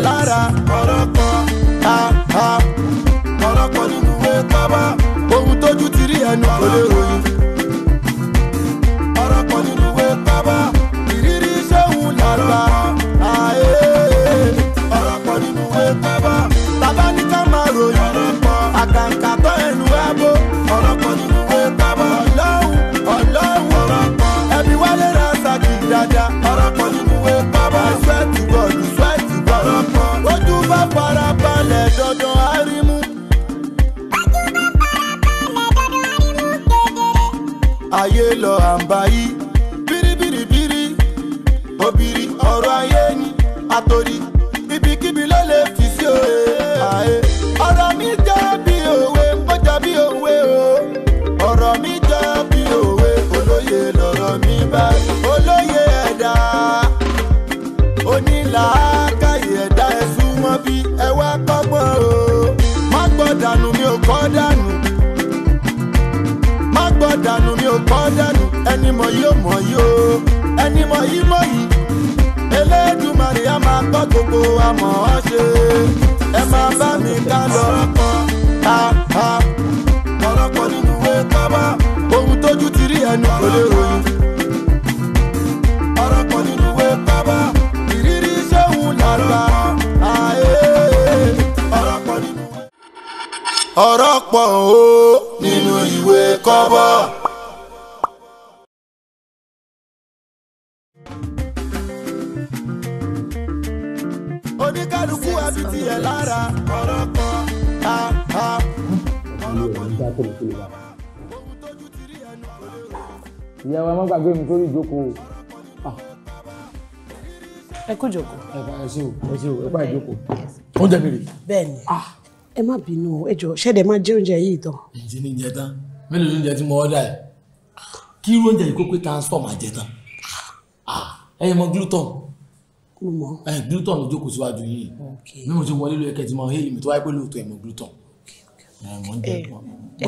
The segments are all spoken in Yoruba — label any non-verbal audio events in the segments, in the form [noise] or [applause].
Lara ọ̀rọ̀ pọ̀ o nínú ìwé kọ́bọ̀. oníkálukú àbí tiẹ̀ lára ọ̀rọ̀ pọ̀ ká ká. ìyá wa má gbàgbé mi sórí ah. ìjókòó. ẹ kú jókòó. ẹ ká ẹ sí o ẹ sí o ẹ bá ìjókòó. oúnjẹ mi rè. bẹ́ẹ̀ni. Ah ẹ má bínú ẹ jọ ṣẹ́dẹ̀ má jẹ oúnjẹ yìí tán. ǹjẹ́ ní jẹ tán mélòó lóúnjẹ tí mo ọ́dà ẹ̀ kí irú oúnjẹ yìí kó pé transform àjẹ tán ẹ̀yin mọ gluten ẹ̀yin gluten ló jókòó síwájú yìí bí mo ṣe wọlé lóye kẹ́tì mọ hélì mi tó wáyé pé lóòótọ́ ẹ̀mọ gluten mo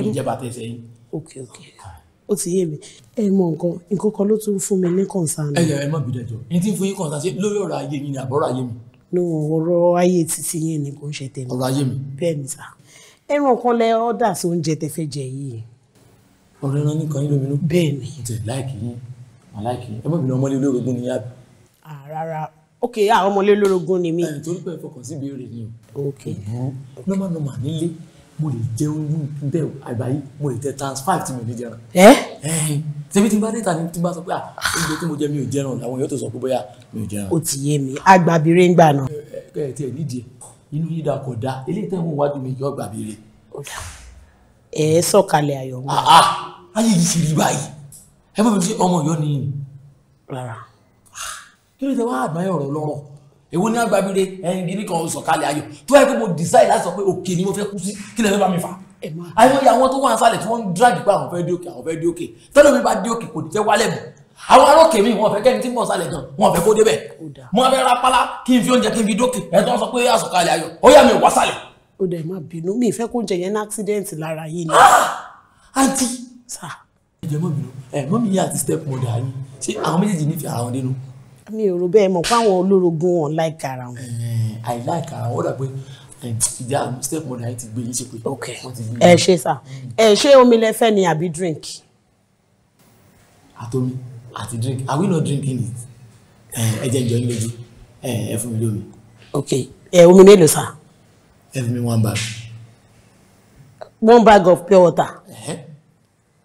ń jẹ bàtà ẹsẹ̀ yìí. ó ti yé mi ẹ mọ nǹkan nǹkan kan ló tún fún mi ní concern. ẹ yẹ ẹ má bìí dẹjọ ní tí ń fún yín concern ṣe lórí ọ̀rọ̀ ayé yín ni àbọ̀rọ̀ ayé mi no ọ̀rọ̀ ayé títí yín ni kò ń ṣe tèmi. ọ̀rọ̀ ayé mi. bẹ́ẹ̀ ni sà ẹran kan lẹ ọ́dà sí oúnjẹ tẹ fẹ́ jẹ yìí. ọ̀rọ̀ ẹran nìkan yín lóminú. bẹ́ẹ̀ ni. ǹtẹ̀ láìkì yín àláìkì yín ẹ má bínú ọmọlé lórogún ni yá. rárá ok àwọn ọmọlé lórogún ni mí. ẹ torí pé ẹ fọkàn sí ìbéèrè ni o. ok normal normal nílé mo lè jẹ irú bẹ́ẹ̀ àgbáyé mo lè jẹ trans five tí mi ò ní jẹran. ẹ ẹ tèmi tí n bá dé ta ni tí n bá sọ pé ah, oúnjẹ tí mo jẹ mi ò jẹran àwọn èèyàn tó sọ pé bóyá mi ò jẹran. ó ti yé mi agbábíire ń gbà náà. ẹ ẹ tiẹ̀ nídìí inú yìí dà kọ̀ dá eléyìí tẹ̀ mú wájú mi yọ agbábíire. ẹ ẹ sọ̀kalẹ̀ ayọ̀ ń gbà. Ah, ah, ayé yìí ti rí báyìí ẹ má fi ọmọ Ọ̀yọ́ nìyí. rárá. kí ló dé wá àgbáyé ọ̀rọ̀ lọ́rọ̀ èwo ní agbábíire ẹyin eh, gíní kan sọ̀kalẹ̀ ayọ̀ tó yẹ pé mo decide láti sọ pé òkè ni mo fẹ́ kú sí kí lè fẹ́ bá mi fà àìmọye àwọn tó wà ń sálẹ̀ tí wọ́n ń drag pé àwọn fẹ́ dé òkè àwọn fẹ́ dé òkè tẹ́lẹ̀ mi bá dé òkè kò ní fẹ́ wálẹ̀ mọ́ àwọn arókè mi wọn fẹ́ kẹ́ni tí mò ń sálẹ̀ gan wọn fẹ́ kó débẹ̀ mo fẹ́ ra pálá kí n fi oúnjẹ kí n fi dókè ẹ̀ tó ń sọ pé àsọ̀kalẹ̀ ayọ̀ ó yà mí wá sálẹ̀. ó dẹ̀ má bínú mi ìfẹ́ kó ń jẹ yẹn ní accident lára yìí ni. àǹtí ah! ẹ jẹ́ mọ́ bínú ẹ mọ́ mi yé àti step mother yín ṣé àwọn méjèèjì nífẹ̀ẹ́ ara wọn dénú mi ò rò bẹ́ẹ̀ mọ̀ pé àwọn olórogún wọn láìka ara wọn. àìláìka eh, ara wọn dàgbé eh, ìyá step mother yìí ti gbé yìí ṣe pé. ok ẹ ṣe sá ẹ ṣé omi lẹfẹ ni àbí drink. àtomi àti drink are we not drinking it eh, ẹ jẹ ìjọ nílé ju ẹ fún mi lómi. ok ẹ omi mélòó sá. ẹ fún mi one bag. one bag of pure water.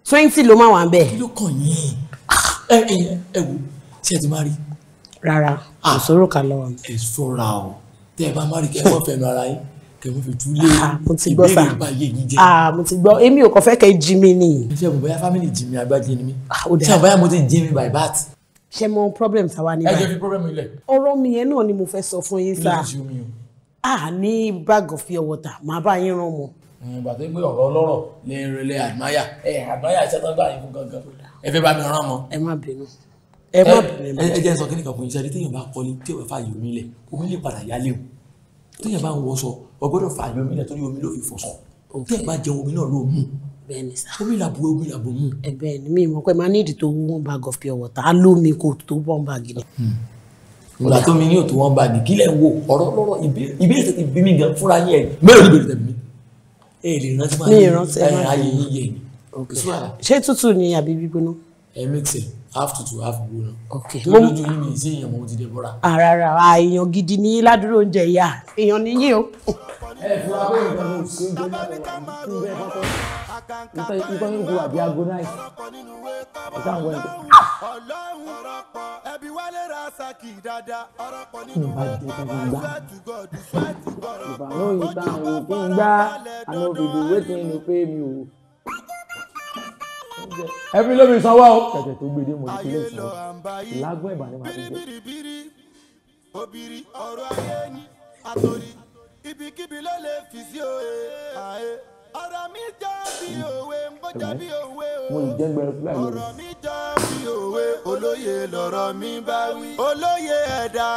twenty ló máa wà ń bẹ̀. kí ló kàn yín ah, ẹ ẹ ẹ wo ṣé ẹ ti máa rí i rárá kò ah, sóró kan lọ́wọ́ mi. ẹ ṣọ́ra o tẹ ẹ bá má rí kẹfọ fẹnu ara yín kẹfọ fìtú lé ah, ìbéèrè ìbá yé yín jẹ. Ah, mo ti gbọ́ èmi ò kàn fẹ́ kẹ́ jí mi ni. ṣé mo bóyá fámìlì jí mi àgbájé ni mí ṣé àbáyá mo ti jí mi by bat. ṣé mo problem tàwa ní báyìí. ẹ jẹ́ fi problem ilẹ̀. ọ̀rọ̀ mi yẹn náà ni mo fẹ́ sọ fún yín sáà. a ní bag of pure water màá bá yín rán mọ́ ìgbà tó gbé ọ̀rọ̀ ọlọ́rọ̀ lè rẹlẹ̀ àdmáyà ẹ̀ àdmáyà iṣẹ́ tó ń gbà yín fún gangan ẹ fẹ́ bá mi rán mọ́. ẹ má bínú ẹ má bẹ̀rẹ̀ mọ́. ẹ jẹ́ sọ kí nìkan fún iṣẹ́ téèyàn bá kọ́lé tí ò fà yomi lẹ̀ omi lè padà yálé o téèyàn bá ń wọṣọ ó gbọ́dọ̀ fà yomi lẹ̀ torí omi ló fi fọṣọ téèyàn bá jẹ omi náà ló mú omi làbò omi làbò mú. ẹ bẹ́ẹ̀ ni mi mọ̀ pé máa ní ìdí tó one bag of pure water á lómi kò tó one bag ni. Hmm. ìgbà tó mi ní òtún one bag kí lẹ̀ ń wo ọ̀rọ̀ lọ́rọ̀ ìbéèrè ti bí mi gan fúnra yẹn mẹ́rin ìbéèrè tẹ̀ mí. ẹ lè rántí máa ní ayé yíyẹ ṣé tútù ni àbí gbígbóná. ẹ mix it half tutu half gbóná. ok mo lójú yín mi sí èèyàn mo ti dé bọ́ra. àràrà ah, ah, èèyàn gidi ní ládùúrò oúnjẹ ìyá èèyàn níyì o. ẹ fura pé nǹkan mo ṣe ń jẹ́ náà ń bẹ́ẹ̀ kọ́kọ́ nǹkan nǹkan yóò àbí aago náà ẹ̀ sáà ń wọ kí ni bá jẹ́ kí n gbá ìbànú yìí táwọn òfin gbá àná òbí ìdòwé tí ń lò pé mi ò ẹ fi lómi sanwó o tẹ̀tẹ̀ tó gbé dé mo ní kí lè sanwó ẹ̀bà ni màá fi obìnrin ọ̀rọ̀ ayé ni àtòrí ibikíbi ló lè fi sí òye àyè ọ̀rọ̀ mi jọ bí òwe ń bọ́jà bí òwe o ọ̀rọ̀ mi jọ bí òwe olóye lọ̀rọ̀ mi bá wí olóye ẹ̀dá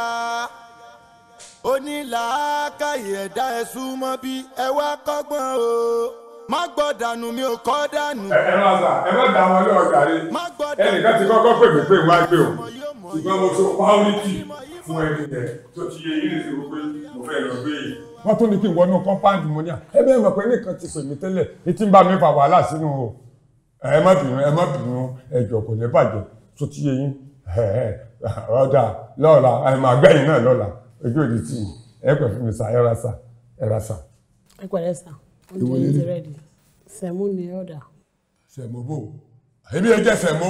onílàákàyè ẹ̀dá ẹ̀sùn mọ́ bí ẹ wá kọ́gbọ́n o má gbọ́ dànù mi ò kọ́ dànù. ẹ má sà ẹ má dà wọn lọ́wọ́ gàrí ẹnìkan ti kọ́kọ́ pè mí pé wá gbé o ṣùgbọ́n mo so pàórítì fún ẹni rẹ tó ti yẹ yín lè wípé mo fẹ́ lọ gbé yìí. wọ́n tún ní kí n wọnú kọ́ńpáàdì mo ní à ẹ bẹ́ẹ̀ mọ̀ pé nìkan ti pè mí tẹ́lẹ̀ etí ń bá mi fa wàhálà sínú o ẹ má bínú ẹ má bínú ẹjọ́ kò ní bàjẹ́ tó ti yẹ yín ọ̀dà lọ́la ẹ máa gbẹ̀yìn náà lọ́la ojú òdì tì ẹ pẹ̀ fún mi sa ẹ ra sa ẹ ra sa. ẹ pẹ̀lẹ́ sa oúnjẹ yìí ti rẹ́dì sẹ̀mú ni ọ̀dà. sẹ̀mú bò èmi ò jẹ́ sẹ̀mú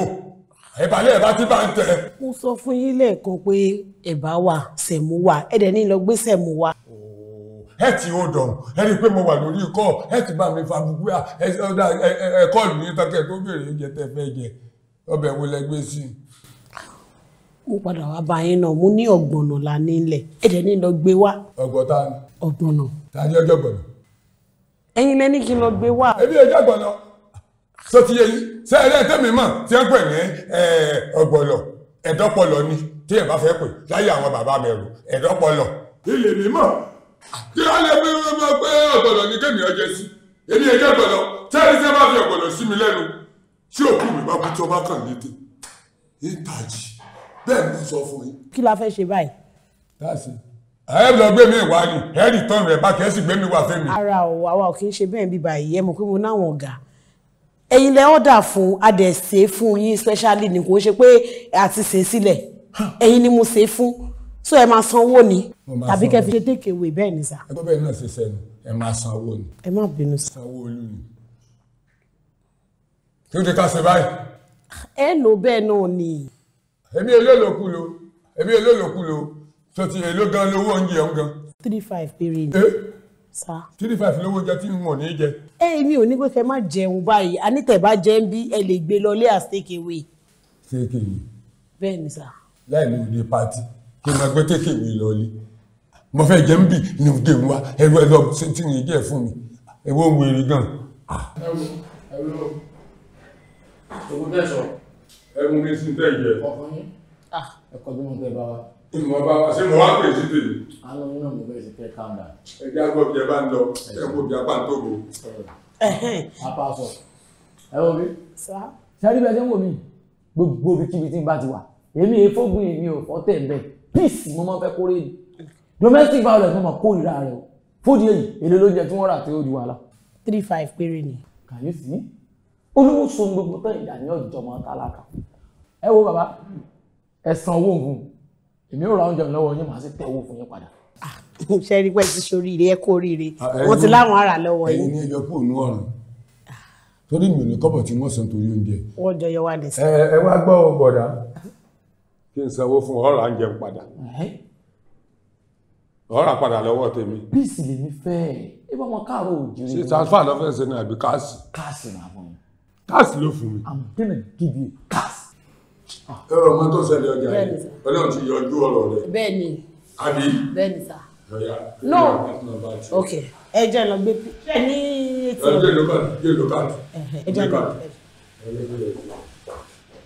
ìbàlẹ̀ ẹ̀bá tí bá ń tẹ̀. mo sọ fún yín lẹ́ẹ̀kan pé ẹ̀bá wà sẹ̀mú wà ẹ̀dẹ̀ ní lọ gbé sẹ̀mú wá ẹ ti ó dọ̀rùn ẹ rí i pé mo wà lórí ikọ́ ẹ ti bá mi fa gbogbo ẹ kọ́ ìlú yín tọ́kẹ́ tó béèrè oúnjẹ tẹ́ fẹ́ jẹ ọbẹ̀ wo lẹ gbé sí i. mo padà wá bá yín náà mo ní ọ̀gbọ̀nà là nílẹ̀ ẹ̀jẹ̀ ní lọ gbé wá. ọgbọ̀n ta ni. ọ̀gbọ̀nà. ta ni ọjọ́ gbọ̀nà ẹ̀yin lẹ ní kí n lọ gbé wá. ebi ẹ jẹ́ ọ̀gbọ̀nọ̀ sọ ti yé yín ṣé ẹ lẹ́yìn tẹ́mi mọ̀ tí ẹ ń pè ní ọ̀gbọ̀lọ̀ ẹ̀dọ́pọlọ ni tí ẹ bá fẹ́ pè láyé àwọn bàbá mẹ́rù ẹ̀dọ́pọlọ. ilé mi mọ̀ kí wọ́n lè fi mọ̀ pé ọ̀gbọ̀lọ̀ ni kémi ọjẹ́ sí èmi ẹ jẹ́ ọ̀gbọ̀lọ̀ tẹ́ ẹni tẹ́ bá fi ọ̀gbọ̀lọ̀ sí mi lẹ́nu tí òkú mi bá kú tí ọba kàn lédè ìtàjì bẹ́ẹ̀ ni mo sọ fún yín. kí la fẹ́ ṣe báyìí. dáàsì ẹ lọ gbé mi wá ni ẹ rí tán rẹ bá kẹsì gbé mi wá fẹmi. ara ò àwa ò kì í ṣe bẹ́ẹ̀ bí báyìí ẹ mọ̀ pé mo náwọn ọ̀gá ẹ̀yin lẹ ọ̀dà fún adẹ̀sẹ̀ fún yín especially ni kò ṣe pé àti ṣe sílẹ̀ ẹ̀yin ni mo ṣe fún so ẹ máa sanwó ni tàbí kẹ́ fi ṣe take away bẹ́ẹ̀ ni sà. ẹgbẹ́ bẹ́ẹ̀ náà ṣe sẹ́nu ẹ máa sanwó ni. ẹ má bínú sí. sanwó olú ni. kí ló ti ká ṣe báyìí. ẹ lò bẹ́ẹ̀ náà ni. èmi olólòkulò èmi olólòkulò tó ti èlò gan lówó oúnjẹ òun gan. three five péré ni. sa. three five lówó oúnjẹ tí n ò ní jẹ. ẹ mi ò ní pé kẹ má jẹun báyìí anítẹ̀ bá jẹ́ ń bí ẹ lè gbé lọ lé à take away. take away. bẹ́ẹ̀ ni sà. láì ní òde pati kí n máa gbé take away lọ lé mo fẹ́ jẹ́ ń bì ní òde wa ẹ̀rọ ẹ̀rọ tí n yìí jẹ́ fún mi ẹ̀wọ́ ń wèrè gan. ẹ̀rọ ẹ̀rọ ògùn tẹ̀sán ẹ̀rùn mi sì tẹ̀ yẹ. ọkùnrin ah, ẹ̀kọ́ bí mo fẹ́ bá wa ìmọ̀ bá wa ṣé mo wá pè sí tèmi. àwọn náà mo bẹ̀rẹ̀ sí pé calm down. ẹ jẹ́ àgbọ̀ bí ẹ bá ń lọ ẹ kó bí apá ń tóbo. apáṣọ ẹ wo mi. sáré bẹ́ẹ̀ ṣe ń wò mí gbogbo ibikíbi tí n bá ti wà èmi èéfógun e èmi ò fọ́tẹ̀ ń bẹ̀ peace mo máa ń fẹ́ kórè ni domestic violence mo máa kórìíra rẹ o fóòdì èyí èlé ló jẹ tí wọ́n rà tí ó di wàhálà. three five péré ni. kàyéfì olówó so gbogbo tán ìdá ní ọjọ́ mọ́ tálákà ẹ wo bàbá ẹ owó nǹkan èmi ò ra oúnjẹ mi lọ́wọ́ yín màá sì tẹ owó fún yín padà. Ah, ṣe rí pé ti ṣoríire ẹ kó ríire wọn ah, ti láwọn ara lọ́wọ́ yín. ẹyin ni ẹyọ kúrò ní ọrùn torí mi ò ní kọ́bọ̀ tí wọ́n san torí oúnjẹ. wọ́n jọ yọ wá ní sí. ẹ wá gbọ́ ọ bọ̀dá kí n sanwó fún ọ̀rọ̀ oúnjẹ padà ọ̀rọ̀ padà lọ́wọ́ tèmi. bíìsì lèmi fẹ́ ẹ bá wọn káàárọ̀ òjìrì. ṣé transfer lọ́fẹ̀ẹ́ sẹ́ni àbí káàsì. káàsì làbọn. káàsì ló fún mi. I'm gonna give you Ah. ẹ̀rọ ọmọ tó ṣẹlẹ̀ ọjà yìí ọlọ́run ti yọjú ọ̀rọ̀ rẹ̀ bẹ́ẹ̀ ni àbí bẹ́ẹ̀ ni sà no ok ẹ jẹ́ lọ gbé ní etí ẹ jẹ́ lókàtì jẹ́ lókàtì ẹ jẹ́ lókàtì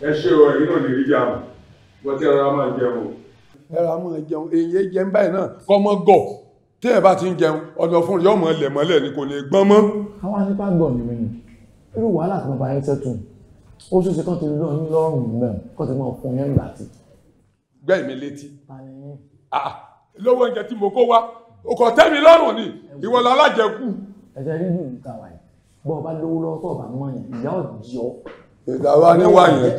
ẹ ṣe ọ èyí náà lè rí jàmù wọ́n ti ara máa jẹun ẹ ra máa jẹun èyí jẹun báyìí náà kọ́ mọ́ gọ̀ tí ẹ bá ti ń jẹun ọ̀dọ̀ fún yọmọ lẹ̀mọ́lẹ̀ ni kò lè gbọ́n mọ́. àwọn aṣípa gbọ̀ ni mi ni irú wàhálà tó bá yẹn tẹ́tù ó ṣeéṣe kán ti lọ ní lọ́rùn náà kán ti máa fún yẹn gbà tí. gbẹ́ mi létí ah, lówó oúnjẹ tí mo kó wá ọkọ̀ tẹ́mi lọ́rùn ni ìwọ la alájẹkù. ẹ̀jẹ̀ rí ìlú ìta wáyé bọ́ọ̀ bá lówó lọ́wọ́ tó ọ̀bà mọ́ yẹn ìyá ò jí ọ. ìdáwà ni wáyé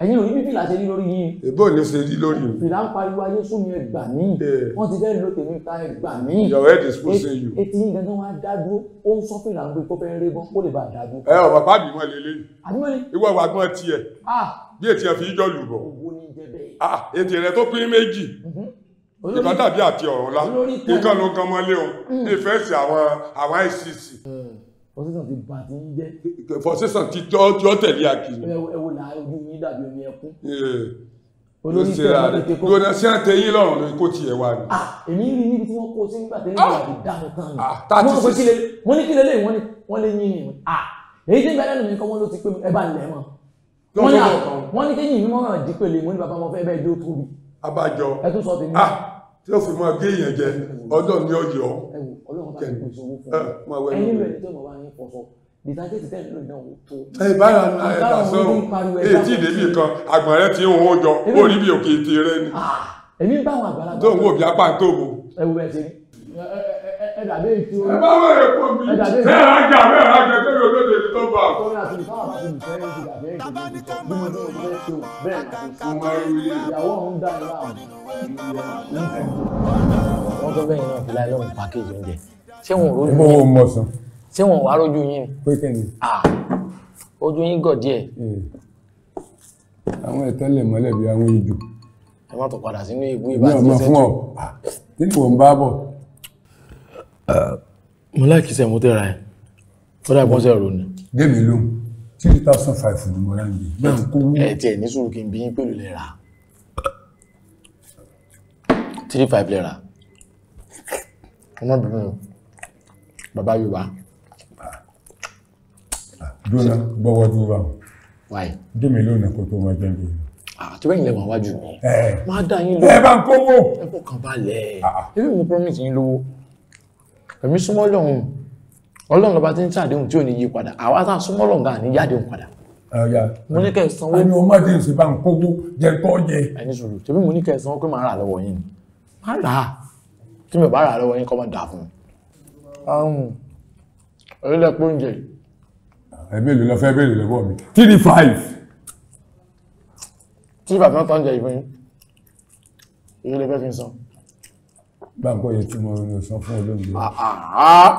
ẹ̀yin òní bíbí làṣẹ rí lórí yín. èbó ni ṣe rí lórí mi. fìlà ń pariwo ayé sún mi ẹgbà mí. wọ́n ti fẹ́ lo tèmi ta ẹgbà mí. your head is pushing you. etí yín gangan wá dá dúró ó ń sọ fìlà ń gbé kó fẹ́ ré bọ́ kó lè bá a dá dúró. ẹ ọ bàbá àbímọ lélẹyìn. àbímọ ni. ìwọ wà gbọ́n tiẹ̀. Ah. bí etí ẹ fi jọ lù bọ̀. owó ni jẹ bẹ́ẹ̀. Ah, etí rẹ tó pín méjì mhm. ìbọn dàbí àti ọ̀rọ̀ la nǹkan ló gan mọ́lé o ìfẹ́ mm. sí àwọn àwọn icc. Eh, fọ́sẹ̀sán ti bàtí ń jẹ́. fọ́sẹ̀sán ti tọ́ tẹ̀lé akínú. ẹ wo làá yín dàbí omi ẹkún eh, olórí tẹ ọ tètè kó gbọdọ sí àtẹyìn lọrùn lórí kó tiẹ̀ wá ni. Ah, èmi rí níbi tí wọ́n kó sí nígbà tẹ́lẹ̀ ah! ah, wọ́n ti dá wọn tán ni wọ́n pè kílẹ wọ́n ní kílẹ lẹ́yìn wọ́n lé yín ni èyí tí ń bẹ̀rẹ̀ nìyí kan wọ́n ló ti pé ẹ bá ń lẹ̀ mọ́ wọ́n ní wọ́n ní kéyìn mi mọ́ràn dí pèlè mo ní bàbá ọmọ fẹ́ bẹ́ẹ̀ dé ó tóbi. abájọ ẹ tún sọ tèmi. ah tí o fi mọ gé èèyàn jẹ ọdọ ní ọjọ. ẹ wò Ọlọ́run bá mi kò sówó fún eh, mi ẹyin lóye tí mo bá ń fọṣọ dìtájẹ́tì tẹ́lẹ̀ lò náà tó. ẹ bára ní ẹ̀dá sọ̀rọ̀ èyí tí ìdèbí kan àgbọ̀nrẹ́ ti ń hó jọ ó rí bí òkè ti rẹ ni. Ah, èmi ń bá àwọn àgbàlagbà. tó ń wò bí apá tó bò. ẹ wo bẹ́ẹ̀ ṣe ẹ dàbí ètò. ẹ bá wọ èkó mi ẹ rájà ẹ rájà kébì olóde èdè tó bá. tó ní àtúntò àti olùfẹ́ ní ti dàbí ètò mi sọ bí mo ní olùfẹ́ ṣe ò bẹ́ẹ̀ ìyàwó ọ̀hún dá mi láàmú. wọ́n tó bẹ́yìn náà fi láì lọ́rùn pàkéjì oúnjẹ ṣé wọn ò rí. mo mọ̀ sàn ṣé wọn wá rójú yín ni. pé kẹ́ni. ojú yín gọ̀ díẹ̀. àwọn ẹ̀tọ́ lè mọ́lẹ̀ bí àwọn ejò. ẹ má tó padà sínú ìbú ìbá àti ìṣẹ́jú. mi ò mọ fún ọ kí ni mò ń bá bọ̀. mo láìkí sẹ́ mo tẹ́ra ẹ̀ ó dà gbọ́n sẹ́rọ̀ ni. débi ló three thousand five ni mo rà ń gbé bẹ́ẹ̀ kó wú. ẹ tiẹ̀ ní sùúrù kí n bí yín pẹ̀lú lẹ́ra three five lẹ́ra ọmọ bìbí bàbá Yorùbá dúnà gbọ́wọ́ dúró bá wọn. dèmi lónìí kó tó mọ ẹgbẹ́ mi. àti bẹ́ẹ̀ ni lẹ́wọ̀n wájú. máa dá yín lọ. ẹ bá ń kówó. ẹ kó kàn balẹ̀. ebi mo promise yín lówó. èmi súnmọ́ lọ́hùn ọlọ́run lọ́ba tí ń tí àdéhùn tí ò ní yí padà àwa tá a súnmọ́ lọ́hùn gan-an ní yí àdéhùn padà. mo ní kẹ́ ẹ sanwó. àní o má dé ìsìn bá ń kówó jẹ tọ́ jẹ. ẹni sùúrù tèmi mo ní kẹ́ ẹ sanwó pé máa rà lọ́wọ́ yín má rà á tí mi ò bá rà lọ́wọ́ yín kọ́ máa dà ẹ̀mí èlò lọ́fẹ́ béèrè lọ́wọ́ mi three five. tí bàbá tó ń jẹ ìbọn yín èyí lè fẹ́ kí san. báńkọ yẹn tí mo rí o san fún olóògbé. Ah, ah, ah.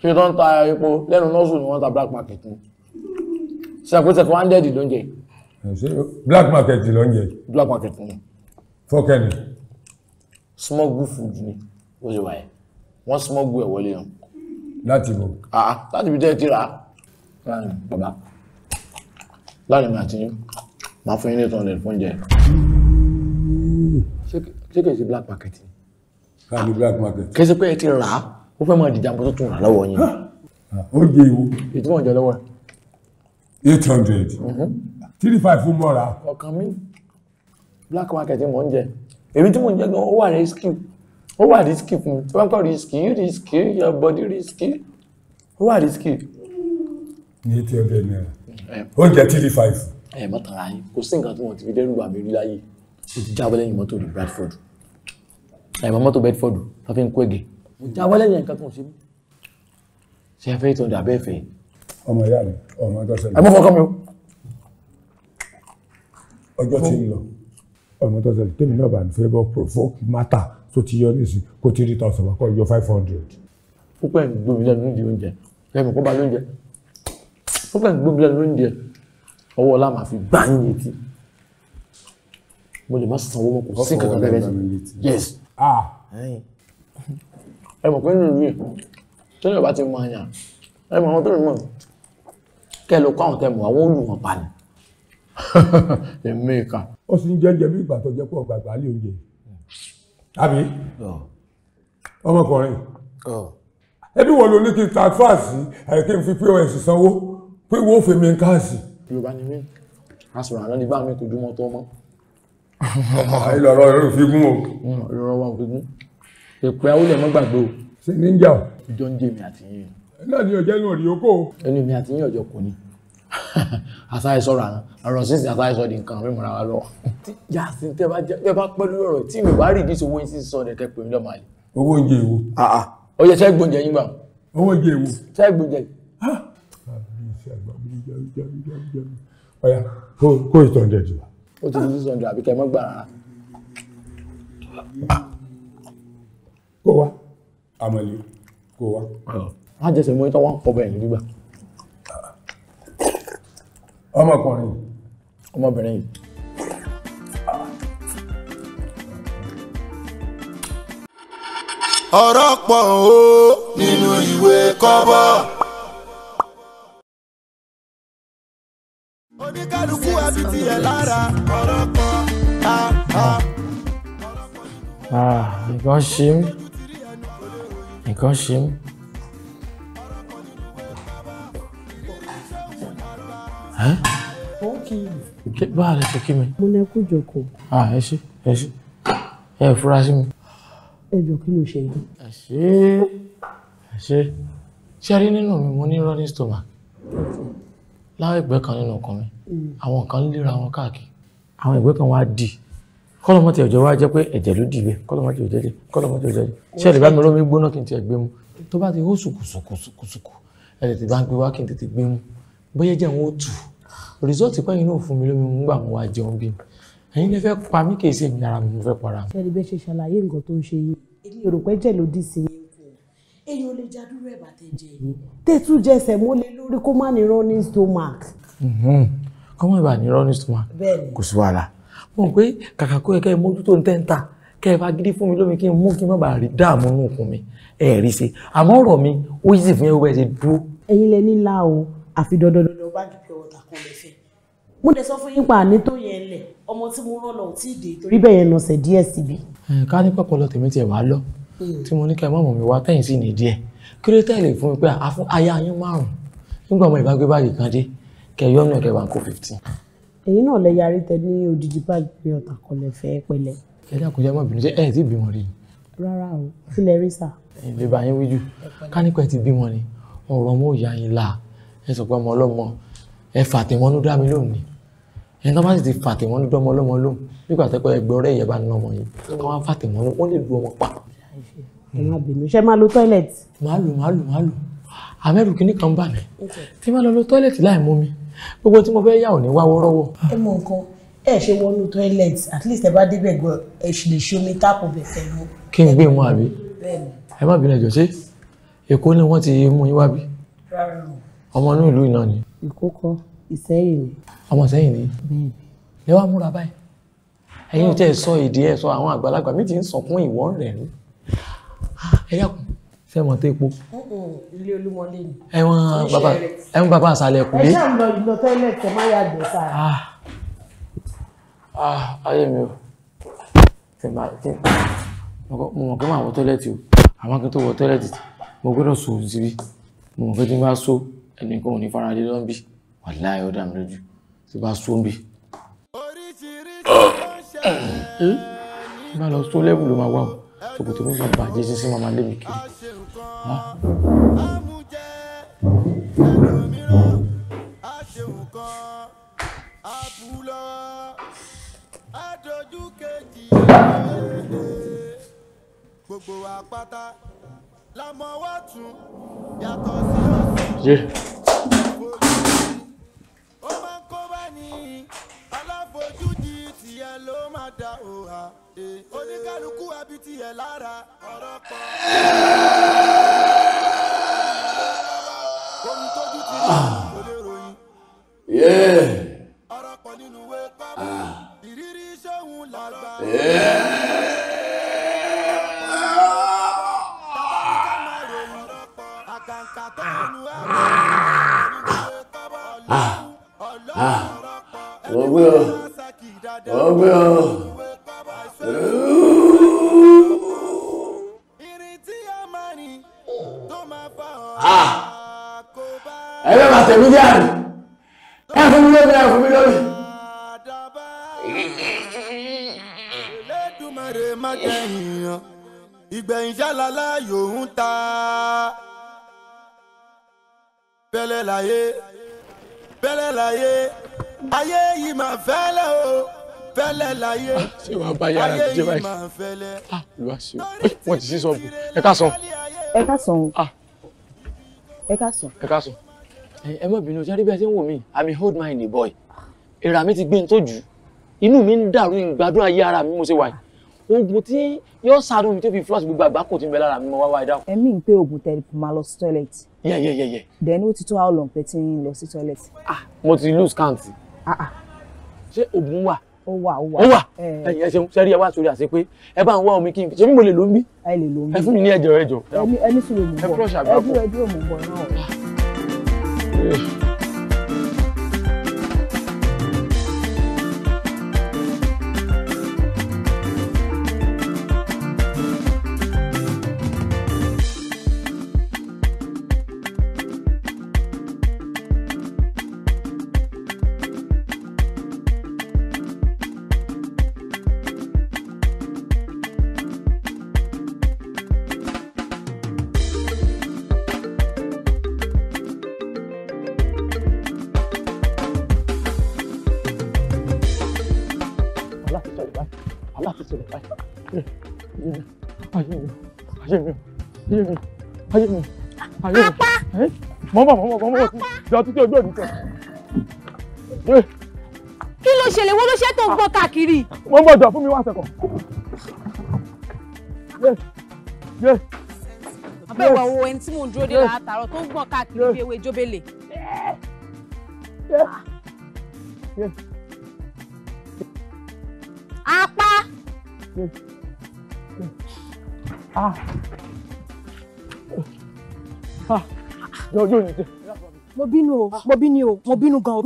ṣé tó ń ta epo lẹ́nu nọ́ọ̀sù ni wọ́n ta black market ni ṣe àpótẹ́ fún hundred ló ń jẹ. black market ló ń jẹ. black market ni. fọ́kẹ́ni. smuggle food ni ó ṣe wáyé wọ́n smuggle ẹ̀ wọlé yẹn. láti bò. láti bí tẹ́ ẹ ti bàbá láàrin mi àti yín fún yín ní fún oúnjẹ ṣé kìí black market ni. ká black market. kìí ṣe pé ẹ ti rà á ó fẹ́ máa dìjà bó tó tún rà lọ́wọ́ yín. ó ah, jẹ ìwo. ìtumọ̀ ìjọ lọ́wọ́ eight hundred. Mm-hmm. three five fún mọ́ra. ọ̀kan mi black market mò ń jẹ èmi tí mò ń jẹ gan ó wà risky ó wà risky fún mi tí wọ́n kọ́ risky you risky your body risky ó wà risky ní eighty hundred naira oúnjẹ three five. ẹ má tara yín kò sí nǹkan tí wọn ti fi dẹ́rù àmì rí láyé o ti jábọ́ lẹ́yìn mọ́tò ní Bradford àyẹ̀mọ́ mọ́tò Bedford wọ́n fi ń kó ẹ̀gẹ́ mo jábọ́ lẹ́yìn nǹkan kan ṣe mí ṣe é fẹ́ eight hundred abẹ́ fẹ́. ọmọ ìyá mi ọmọ ọjọ́ sẹ́lẹ̀. ẹ mú fọkàn mi o. ọjọ́ ti ń lọ ọmọ ọjọ́ sẹ́lẹ̀ tèmi náà bá ń fẹ́ bọ́ provoke matter tó ti yọ nísìnyí kó three thousand wá kọ́ hundred. púpọ̀ ẹ̀ ń gbómi lẹ́nu ní oúnjẹ lẹ́nu kó problem gbogbo lẹ́nu oúnjẹ ọwọ́ ọlá màá fi gbá yín létí mo lè má sanwó mọ́ kò sí kankan bẹ́ẹ̀ yes ah. ẹ mọ̀ pé nínú mi tẹ́lẹ̀ bá ti mọ àyàn ẹ mọ̀ àwọn tó lè mọ̀ kẹ́ ẹ lọ kọ́ àwọn tẹ́ mọ̀ àwọn olùwọ̀n pa ni [laughs] èmi kà. ó sì ń jẹ́jẹ́ bí ìgbà tó jẹ́ pọ̀ gbàgbà lé oúnjẹ àbí ọmọkùnrin ẹbí wọ́n ló ní kí n transfer sí kí n fi pos sanwó pé wo fèmí ń káàsì. yorùbá ni mí asọ̀rọ̀ àná ni bá mi kò dúmọ́ tó mọ́. ìlọrọ [laughs] yóò fi gún o. Hmm, ìlọrọ wa ò fi gún èpè awúlẹ̀ mọ́ gbàgbé o. ṣe ní ń jà o. ìjọ ń jẹ èmi àti yín. náà ni ọjọ́ inú òrì yókò. ẹnu mi àti yín ọjọ́ kò ní. [laughs] àṣà ìsọ̀rọ̀ àná ọ̀rọ̀ sísè àṣà ìsọ̀ di nǹkan mímúra wa lọ. yàtí tẹ bá tẹ bá pẹ́ lórí ọ̀rọ̀ tí mi bá rí ìdí owó yín sọ ọ̀dẹ̀ kẹpẹ́ lọ́mọ àlè. owó oúnjẹ èwo. Ah, ah. ó sẹ́gbọ̀njẹ yín gbà. owó oúnjẹ èwo. sẹ́gbọ̀njẹ ọ̀yà kó eight hundred wa. ó ti di six hundred àbí kẹ́ ẹ mọ́ gbà rárá. kó wa àmọ̀lé kó wa. má jẹ́ sẹ́mi tó wọ́n kọ́ bẹ́ẹ̀ ní gbígbà. ọmọkùnrin yìí. ọmọbìnrin yìí. ọ̀rọ̀ pọ̀ o nínú ìwé kọ́bọ̀. nǹkan ṣe mí nǹkan ṣe mí. báà lè ṣe kí mi. mo ní ẹ kú jókòó. ẹ ṣe ẹ ṣe ẹ fura sí mi. ẹ jọ kí ló ṣe yìí. ẹ ṣe ẹ ṣe ṣe rí nínú mi mo ní running stomach láwọn ìgbẹ́ kan nínú ọkàn mi mm. àwọn kan ń léra wọn káàkiri àwọn ìgbẹ́ kan wá dì kọ́lọ́mọ́ ti ọ̀jọ́ wá jẹ́ pé ẹ̀jẹ̀ ló dìbẹ̀ kọ́lọ́mọ́ ti ọ̀jọ́ jẹ́ kọ́lọ́mọ́ ti ọ̀jọ́ jẹ́ ṣé ẹ̀lẹ́ bá mi rómi gbóná kí n ti ẹ̀gbẹ́ mu tó bá ti hó sùkùsùkùsùkù ẹ̀lẹ́ ti bá ń gbé wá kí n tètè gbé mu bóyá jẹ́ àwọn òtù rìsọ́ọ̀tì pẹ́yìn náà fún mi lómi mú gbà mú wa jẹun bí mi ẹ̀yin lè fẹ́ pa mí kìí ṣe mi ara mi mo fẹ́ para mi. ṣe ẹni bẹ́ẹ̀ ṣe ṣàlàyé nǹkan tó ń ṣe yìí èmi èrò pé mo pé kàkà kó yẹ kẹ́ ẹ mójútó ní tẹ́ńtà kẹ́ ẹ bá gidi fún mi lómi kí n mú kí n má bàa rí dààmú nù kún mi ẹ rí ṣe àmọ́ ọ̀rọ̀ mi ó yí sì fún yẹn wọ́n ṣe dúró. ẹ̀yin lẹ ní la o àfi dandan dandan báńkì pé ọ̀tà kan lè fẹ́ mo dẹ̀ sọ fún yín pa àní tó yẹn lẹ̀ ọmọ tí mo rán lọ ò tí ì dé torí bẹ́ẹ̀ yẹn nọ̀sẹ̀ díẹ̀ síbi. ká ní pọ̀pọ̀lọ tèmi tiẹ̀ wá lọ hmm. tí mo ní ká ẹ mi wá tẹ̀yìn sí ní díẹ̀ kí ló tẹ̀lé fún mi pé aya yín márùn-ún nígbà mo ìbá gbé báyìí kan dé ẹ̀yin náà lẹ yarí tẹ ní odidi báàgì ọ̀tà kan fẹ́ pẹ̀lẹ́. ẹ dákun jẹ́ bínú ṣe ẹ ti bímọ rí ni. rárá o sílẹ̀ rí sà. ìlú bá yín wíjú kánípa ẹ ti bímọ ni ọ̀rọ̀ ọmọ òòyà yín là ẹ sọ pé ọmọ ọlọ́mọ ẹ fàtẹ̀wọ́nú dá mi lónìí ẹ náà bá sì ti fàtẹ̀wọ́nú dá ọmọ ọlọ́mọ lóhùn nígbà tẹ́pẹ́ ẹgbẹ́ ọ̀rẹ́ ìyẹ̀bá ní ọmọ yìí káwọn fàtẹ̀wọ́nú lo tọ́ílẹ̀tì. màá lò màá lò màá lò àmẹ́rù lo tọ́ílẹ̀tì láì mú gbogbo tí mo fẹ́ yà ò ní wá wọ́rọ́wọ́. ẹ mọ nǹkan ẹ ṣe wọnú toilet at least ẹ bá débẹ̀ gbọ́ ẹ ṣì lè ṣe omi táàpù bẹ̀ pẹ̀lú. kí n gbé mú àbí ẹ má bínú ẹjọ sí èkó ni wọ́n ti mú yín wábí ọmọ inú ìlú iná ni. èkó kọ́ ìsẹ́yìn ni. ọmọ ìsẹ́yìn ni. bẹ́ẹ̀ ni wàá múra báyìí ẹ̀yin tẹ́ ẹ sọ èdè ẹ sọ àwọn àgbàlagbà mi ti ń sọkún ìwọ rẹ ni ẹ yàgò ṣé ẹ mọ̀ tó epo. ilé olúmọ lè ní. bàbá ẹwọn bàbá àṣàlẹ̀ kù lé. ẹ ṣáà lọ ìlọ tọ́lẹ̀ tẹ má yà gbẹ sáà. Ah. Ah, ayé mi o tí mo mọ̀ pé màá wọ tọ́lẹ̀tì o àmọ́ kí n tó wọ tọ́lẹ̀tì mo gbọ́dọ̀ sùn síbi mo mọ̀ pé tí n bá so ẹnì kan ní faradé lọ́nbí wàláhì ó dá mi lójú tí n bá so ń bì. tí bá lọ so lẹ́bù ló máa wà o ṣòkòtò mi máa bàjẹ́ sísí máa máa mi kiri. gbogbo tiẹ̀ ló máa dà ó oníkálukú àbí tiẹ̀ lára ọ̀rọ̀ pọ̀. omi tójú ti ah. jẹ báyìí ah ìwà ṣe wọn ti sí sọọbù ẹ ká sàn. ẹ ká sàn o ah. ẹ ká sàn. ẹ ká sàn. ẹ má bínú ṣé àdébíyà ṣe ń wò mí àmì hold my ní boy ìrà mi ti gbé ń tójú inú mi ń dàrú ìgbádùn ayé ara mi mo ṣe wà yìí oògùn tí yóò ṣàánú mi tó fi flush gbogbo àgbà kò tí ń bẹ lára mi mo wá wá ẹ dákun. ẹ mìíràn oògùn tẹ máa lọ sí toilet. yẹ yẹ yẹ yẹ. then ó ti tó how long pẹ ti ń lọ sí toilet. ah mo ti lose count. ah ah. ṣé oògùn wà ó wà ó wà ó wà ẹ̀yin ẹ ṣeun sẹ́rí ẹ wá sórí àṣepé ẹ bá ń wá omi kí n ṣe mí mo lè ló ń bí ẹ lè ló ń bí ẹ fún mi ní ẹjọ ẹjọ ẹni sùn lè mú ẹ dúró ẹ dúró mú bọ náà. Eh. wàhálà ti ṣẹlẹ̀ báyìí wàhálà ti ṣẹlẹ̀ báyìí ayé mi ayé mi ayé mi ayé mi ayé mi ayé mi mọ́mọ́ mọ́mọ́ mọ́mọ́ ti di ọtí tí ojú òní kan. kí ló ṣẹlẹ̀ wọ́n ló ṣe tó ń gbọ́ káàkiri. wọ́n gbọ́dọ̀ fún mi wá sẹ́kọ̀. àbẹ̀wò àwọn ẹni tí mò ń dúró dé látàárọ̀ tó ń gbọ́ káàkiri bí ewé jóbélé. Yeah. yes, Ah. Ah. No, no, no. Mo bínú o, mo bínú o, mo bínú gan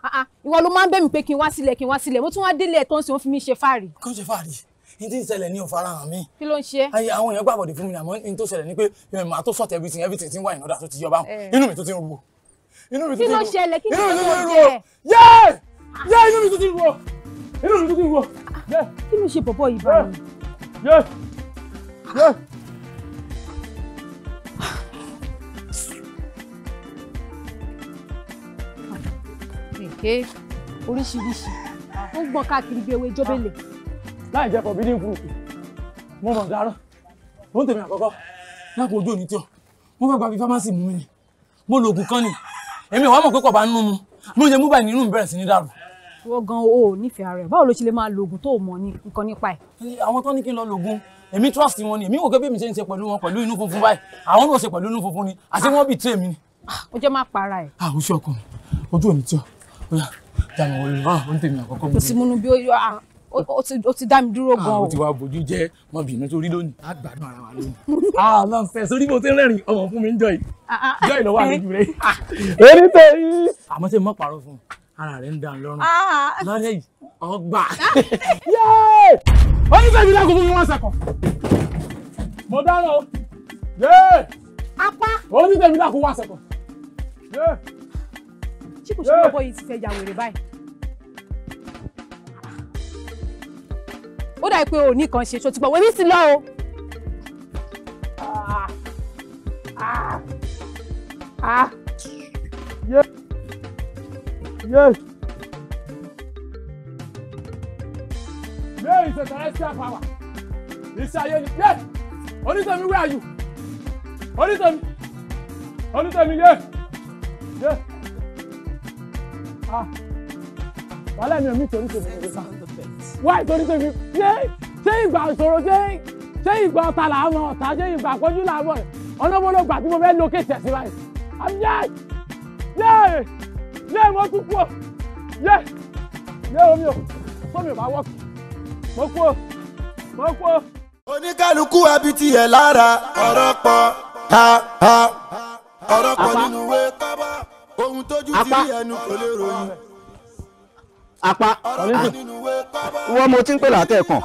Ah ah, ìwọ ló máa ń bẹ̀ mí pé kí n wá sílẹ̀ kí n wá sílẹ̀. Mo tún wá délé ẹ̀tọ́ sí wọ́n fi mí ṣe fáàrí. Kí ló ṣe fáàrí? Ní tí ń ṣẹlẹ̀ ní òfarahàn mi. Kí ló ń ṣe? Ayé àwọn èèyàn gbàgbọ́dẹ̀ fún mi ni àmọ́ ní tó ṣẹlẹ̀ ni pé màá tó sọ̀tẹ̀ everything everything ti ń wà ìnàdà tó ti yọ báwọn. Eh. Inú mi tó ti ń ru o. Inú mi tó ti ń ru o. Kí ló ṣẹlẹ̀? Kí ló ṣẹlẹ̀? Inú mi tó ti ń ru o. Yẹ́! Yẹ́ inú mi tó ti ń ru Inú mi tó ti ń ru kí ló ṣe pọ̀pọ̀ yìí báyìí. èké oríṣiríṣi ó ń gbọ́n káàkiri bí ewé jọ́bẹ̀lẹ̀. láì jẹ́ kọ̀bí ní ìfúrukù mo mọ̀ dáràn ó ń tèmi àkọ́kọ́ lápò ojú òní tí ọ Mo fẹ́ gba fi fámásì mú mi ni mo lo oògùn kan ni èmi ìwà mọ̀ pé kọ̀ bá ń nú mu mo ṣe mú báyìí nínú mi bẹ̀rẹ̀ sí ní dàrú wọ́n gan o ò nífẹ̀ẹ́ ara ẹ̀ báwo ló ṣe lè máa lògùn tó mọ̀ ní nǹkan nípa ẹ̀. àwọn tó ní kí n lọ lògùn èmi trust wọn ni èmi wò pé bí mi ṣe ń ṣe pẹ̀lú wọn pẹ̀lú inú funfun báyìí àwọn náà ṣe pẹ̀lú inú funfun ni àti wọ́n bì tẹ̀ mí. ó jẹ́ má para ẹ̀. àwọn oṣù ọkọ ojú òní tí ọ bóyá jàmọ̀ wọlé náà ó ń tèmi àkọ́kọ́ mi. kò sí múnú bí ó ah, ti dá mi dúró gan ah, o. ó ti wá bójú jẹ́ mọ bínú tó rí lónìí. a gbádùn ara wa lónìí. a [laughs] ah, lọ fẹ sórí bó ti rẹ́rìn ọmọ fún mi ń jọ yìí jọ ìlọ́wọ́ àlejò rẹ̀. èyí [laughs] tó yí. àmọ́ sẹ́ mọ́ pàrọ̀ fún un ara rẹ̀ ń dà lọ́rùn ah. lọ́rẹ́ yìí ọgbà. ó ah. [laughs] ní bẹ́ẹ̀ fún mi wọ́n sẹ̀kọ̀ mo dáná o apá ó ní bẹ́ẹ̀ mi lágùn chikun ṣe ọkọ yìí ti fẹ́ ya wèrè báyìí. ó dà pé òní kan ṣe ṣo ti gbọ̀ wẹ́mí sí lọ o. Ah! Ah! Yeah. Yes. Where is the celestial power? Ìṣe ayé a Yes. Onítẹ̀mí where are you? Onítẹ̀mí. Onítẹ̀mí yes. Yes. Ah. Wàhálà ni èmi torí tèmi ní ìgbà. Why torí tèmi? Ṣé ṣé ìgbà ìṣòro ṣé ṣé ìgbà ọ̀tá là á mọ̀ ọ̀tá ṣé ìgbà àpọ́jú là á mọ̀ ọ̀nà mo lọ gbà tí mo fẹ́ lókè tẹ̀síwájú. I'm yáì! Yáì! wọ́n kú kú o yé yé omi o tómi ò bá wọ́ọ̀kì mo kú o mo kú o. oníkálukú abití ẹ̀ lára ọ̀rọ̀ pọ̀ ha ha ọ̀rọ̀ pọ̀ nínú ìwé kábà ohun tójú ti rí ẹnu kò lè ròyìn. apá wọ́n mo ti ń pè látẹ̀kàn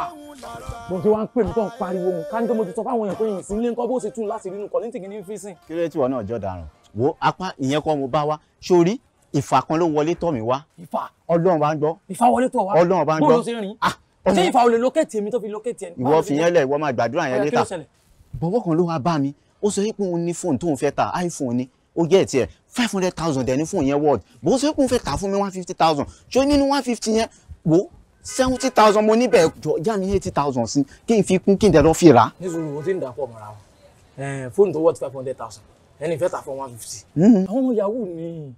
mo ti wá ń pè mí tó pariwo òun ká ní pé mo ti sọ fáwọn èèyàn pé yìí sí ilé ńkọ́ bó ṣe tún láti rí inú kọ́lẹ́ńtì kìíní fi sìn. kí ló ti wọ náà jọ dàrún wo apá ìyẹn kọ́ mo bá wá sórí ìfà kan ló wọlé tọ̀ mí wá. ìfà ọlọ́run bá ń gbọ́. ìfà wọlé tọ̀ wá ọlọ́run bá ń gbọ́. bóòlù ṣe rìn. Ah, ṣé ìfà ò lè lókètì èmi tó fi lókètì ẹni. ìwọ fi yẹn lẹ ìwọ máa gbàdúrà yẹn létà. bọ̀wọ́ kan ló wá bá mi ó sọ pé òun ní fóònù tóun fẹ́ ta iPhone ni ó gé ẹ̀ tiẹ̀ five hundred thousand dẹ̀ ní fóònù yẹn wọ́ọ̀d bó sọ pé òun fẹ́ ta fún mi one fifty thousand ṣó nínú one fifty yẹn wò seventy thousand mo níbẹ̀ jọ já mi eighty thousand sí kí n fi kún kí n dẹ̀ lọ fi rà. nítorí o ti ń dà five hundred thousand ẹni fẹ́ ta fún one fifty. Hmm. àwọn ọmọ yahoo ni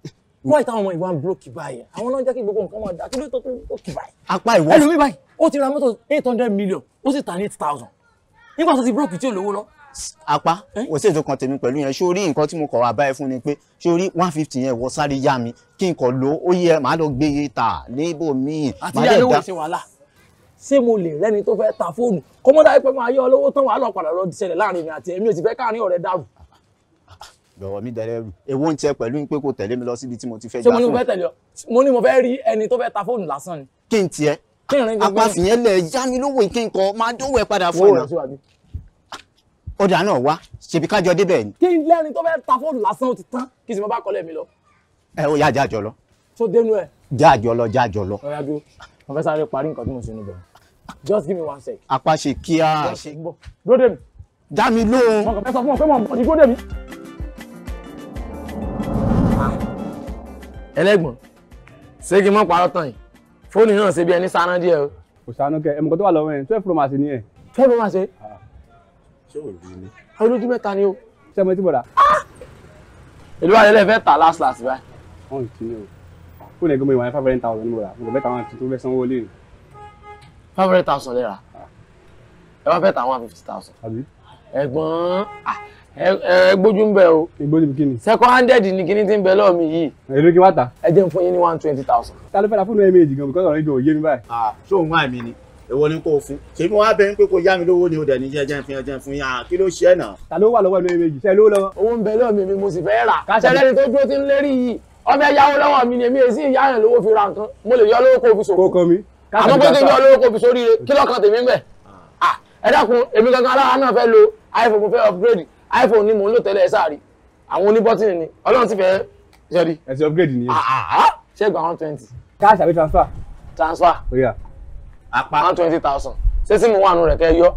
wọ́n ìtàwọn ọmọ ìwà ń búlọ́ọ̀kì báyìí àwọn náà jẹ́ kí gbogbo nǹkan máa dá kí ló tó tó búlọ́ọ̀kì báyìí. apá ìwọ ẹlòmíì báyìí ó ti ra mọ́tò eight hundred million ó sì ta ní eight thousand nígbà tó ti búlọ́ọ̀kì tí ò lówó lọ. apá kò sí ètò kan tèmi pẹ̀lú yẹn sórí nǹkan tí mo kọ̀ wá báyìí fún ni pé sórí one fifty yẹn wọ sáré yá mi kí n kọ̀ lo ó yẹ màá lọ gbé e ta níbò míì. àti ìyá lówó ṣe wàhálà ṣé mo lè rẹ́ni tó fẹ́ ta fóònù kọ́mọ́dá pé máa yọ olówó tán wàá lọ padà lọ ṣẹlẹ̀ láàrin mi àti èmi ò sì fẹ́ káàrin ọ̀rẹ́ dàrú lọ́wọ́ mi dẹrẹ́ rù èwo ń tiẹ̀ pẹ̀lú pé kò tẹ̀lé mi lọ síbi tí mo ti fẹ́ gbà fún. ṣé mo ní mo fẹ́ tẹ̀lé ọ mo ní mo fẹ́ rí ẹni tó fẹ́ ta fóònù lásán ni. kí n tiẹ̀ apàfihàn lẹ̀ yá mi lówó kí n kọ máa dówó ẹ padà fún ẹ ọ̀dà náà wá ṣèbí kájọ débẹ̀ ni. kí n lẹ́rìn tó fẹ́ ta fóònù lásán ó ti tán kí n sì mọ bá kọ́lẹ̀ mi lọ. ẹ ó yá jájọ lọ. tó dénú ẹ. jájọ lọ jájọ lọ. ọ̀rẹ́ àbí mo fẹ́ sáré parí nǹkan tí mo ṣe nù bẹ̀rẹ̀ just give me one sec. apá ṣe kíá. dúró dé mi. dá mi lóhùn. mo kàn fẹ́ sọ fún ọ pé mo mọ̀ ní dúró dé mi. ẹlẹ́gbọ̀n ṣé kí n mọ̀ parọ́ tán yìí fóònù náà ṣe bí ẹni sáná díẹ̀ o. kò sánú kẹ ẹmọ kan tó wà lọ́wọ́ yẹn twelve pro max ni ẹ. twelve pro max ẹ. Ah. ṣé o rí ni. olójú mẹ́ta ni o. ṣé mo ti bọ̀dà. ìlú ah! ayẹlẹ fẹ́ tà last last báyìí. wọn ò tí ní o fóònù ẹgbẹ́ mi wà ní five hundred thousand mo rà mo fẹ́ tàwọn tuntun fẹ́ sanwó lé. five hundred thousand lè ah. ẹ wá fẹ́ tàwọn fifty thousand. ẹ̀gbọ́n ẹ gbójú ń bẹ o. ìgbóni bikini. second handed ni kíní ti ń bẹ lọ́ọ̀ mi yìí. èlò kí wá ta. ẹ jẹ́ n fún yín ní one twenty thousand. ta ló fẹ́ ra fóònù ẹ̀ méjì gan because ọ̀rẹ́ jọ òye mi báyìí. Ah, ṣé òun wà mí ni èwo ni kò fún ṣé mo wá bẹ pé kò yá mi lówó ni o dẹ̀ ní jẹ́jẹ́ fún ẹjẹ́ fún yá ah, kí ló ṣe náà. ta ló wà lọ́wọ́ ẹ̀ méjì ṣe ló lọ́wọ́. owó ń bẹ lọ́ọ̀ mi mi mo sì fẹ́ rà. kásẹ̀lẹ́ni tó dúró ti ń lérí yìí ọbẹ̀ yáwó mo lè yọ lówó kó fi sòkò. kókó mi. àmọ́ pé kí n yọ lówó kó fi sóríire kí lọ́kàn tèmi ń bẹ̀. Ah. ẹ dákun èmi gangan aláwa náà fẹ́ iPhone fẹ́ upgrade iphone ni mò ń lò tẹ́lẹ̀ ẹ sáàrí àwọn oníbọ́tìnì ni ọlọ́run ti fẹ́ ṣẹ́rí. ẹ ti upgrade nìyẹn. Ah, ah, ah. ṣẹ́gbà one twenty. cash àbí transfer. transfer. oya. Oh, apá one twenty thousand ṣé sí mi wà nù rẹ̀ kẹ́ yọ.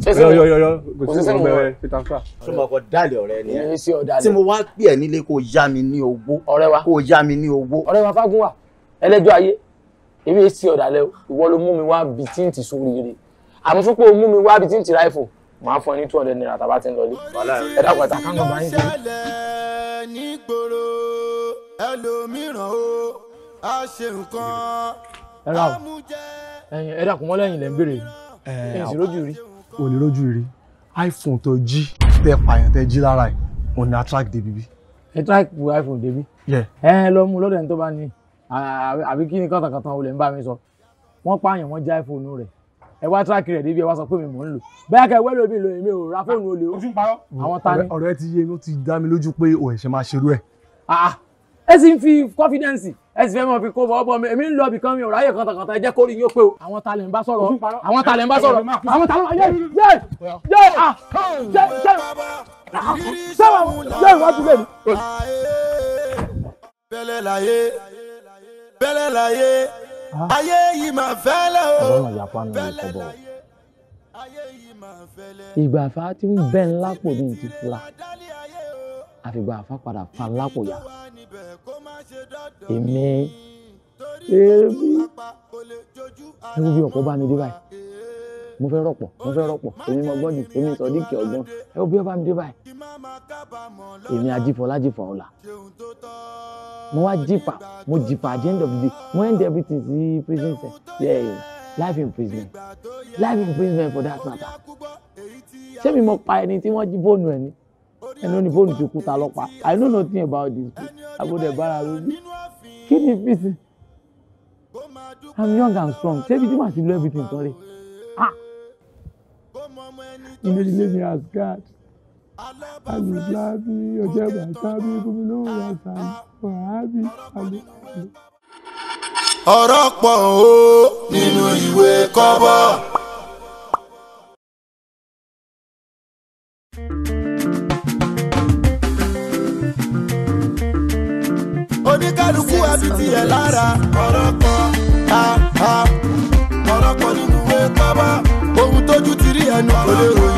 ṣé sí mi yọ yọ yọ kò sí sí mi wọ fi transfer. ṣé mo kọ dálẹ̀ ọ̀rẹ́ ni ẹ tí mo wá pè ẹ́ nílé kó yá mi ní owó. ọ̀rẹ́ wa kó yá mi ní owó. ọ̀rẹ́ wa fágún wa ẹlẹ́jọ́ ayé èmi èsì ọ̀dàlẹ̀ ìwọ ló mú mi wá bìtíǹtì sóríire àmọ́ fún pé o mú mi wá bìtíǹtì ráìfò màá fún ẹ ní two hundred naira tàbá ti ń lọlé ẹ dàpọ̀ ẹ̀ta kánú bá yín pé. ẹ ra o ẹ dàpọ̀ mọ́lẹ̀ ẹ̀yìn lẹ́ ń béèrè ẹ̀ ẹ̀ sì rójú rí. ò ní rójú rí iphone tó jí tẹ pààyàn tẹ jí lára ẹ ò ní attract débi bí. ẹ track wo iphone débi. ẹ lọ mú lọ́dọ̀ ẹni tó bá ní àbí kí ni kọ́tàkọ́tà olè ń bá mi sọ wọ́n pààyàn wọ́n já iphone rẹ̀ ẹ wá tíráàkì rẹ̀ débi ẹ wá sọ pé mi mò ń lò bẹ́ẹ̀ kẹ́ wẹ́lẹ̀ omi lò èmi ò ra fóònù olè o àwọn ta ni. ọ̀rẹ́ ti yé inú ti dá mi lójú pé o ẹ̀ṣẹ̀ máa ṣerú ẹ̀. Ah, ah. ẹ sì ń fi confidence ẹ sì fẹ́ mọ̀ fi kó bọ́ bọ́ mi èmi ń lọ bìkan mi ò ráyè kọ̀tàkọ̀tà ẹ jẹ́ kórì yín ó pé o. àwọn ta lè ń bá sọ̀rọ̀ àwọn ta lè ń bá sọ̀rọ̀ àwọn ta lè ń bá sọ̀rọ̀ yé yé yé yé Ah. ayé yìí máa fẹ́lẹ́ o ọ̀rọ̀ náà yapa náà lè kọ́ bọ̀ ìgbà àfa ti ń bẹ́ ńlá pò ní ti fila àfìgbà àfa padà fa ńlá pò yá èmi èmi ewu bí ọkọ bá mi dé báyìí mo fẹ́ rọ̀pọ̀ mo fẹ́ rọ̀pọ̀ èmi mọ gbọ́dì èmi sọ díkì ọgbọ́n ẹ wo bí ọba mi dé báyìí èmi àjìfọ̀lá jìfọ̀ ọ̀la mo wá jìfà mo jìfà at the end of the day mo end everything sí prison cell yeah life imprisonment life imprisonment for that matter ṣé mi mọ pa ẹni tí wọ́n jí fóònù ẹni ẹni ó ní fóònù ti kú ta lọ́pàá I know nothing about this abúlé bára ló bí kí ni fíìsì I'm young and strong ṣé ibi tí màá ti lo everything sọ́rẹ́. Imagination has got. Alùpàbí ọjọ́ bàtàbí gómìnà ọ̀sà ọ̀hábí alùpàbí. Ọ̀rọ̀ pọ̀ o nínú ìwé kọ́bọ̀. oníkálukú àbí lára. you.